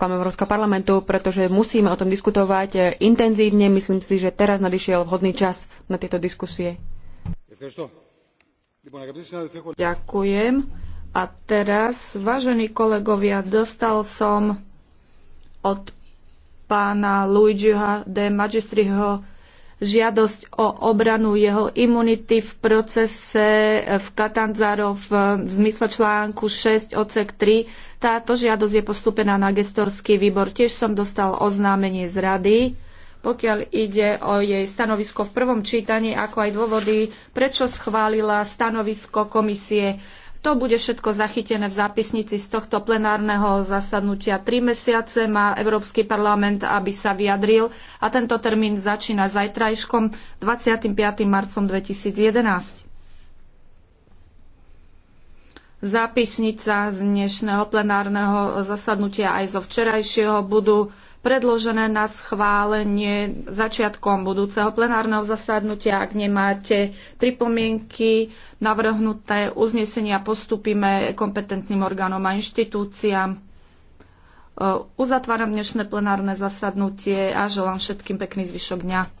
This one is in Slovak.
vám Európskeho parlamentu, pretože musíme o tom diskutovať eh, intenzívne. Myslím si, že teraz nadišiel vhodný čas na tieto diskusie. Ďakujem. A teraz, vážení kolegovia, dostal som od pána Luigiho de Magistriho žiadosť o obranu jeho imunity v procese eh, v Katanzárov v zmysle článku 6 odsek 3. Táto žiadosť je postupená na gestorský výbor. Tiež som dostal oznámenie z rady, pokiaľ ide o jej stanovisko v prvom čítaní, ako aj dôvody, prečo schválila stanovisko komisie to bude všetko zachytené v zápisnici z tohto plenárneho zasadnutia. Tri mesiace má Európsky parlament, aby sa vyjadril a tento termín začína zajtrajškom 25. marcom 2011. Zápisnica z dnešného plenárneho zasadnutia aj zo včerajšieho budú predložené na schválenie začiatkom budúceho plenárneho zasadnutia. Ak nemáte pripomienky, navrhnuté uznesenia postupíme kompetentným orgánom a inštitúciám. Uzatváram dnešné plenárne zasadnutie a želám všetkým pekný zvyšok dňa.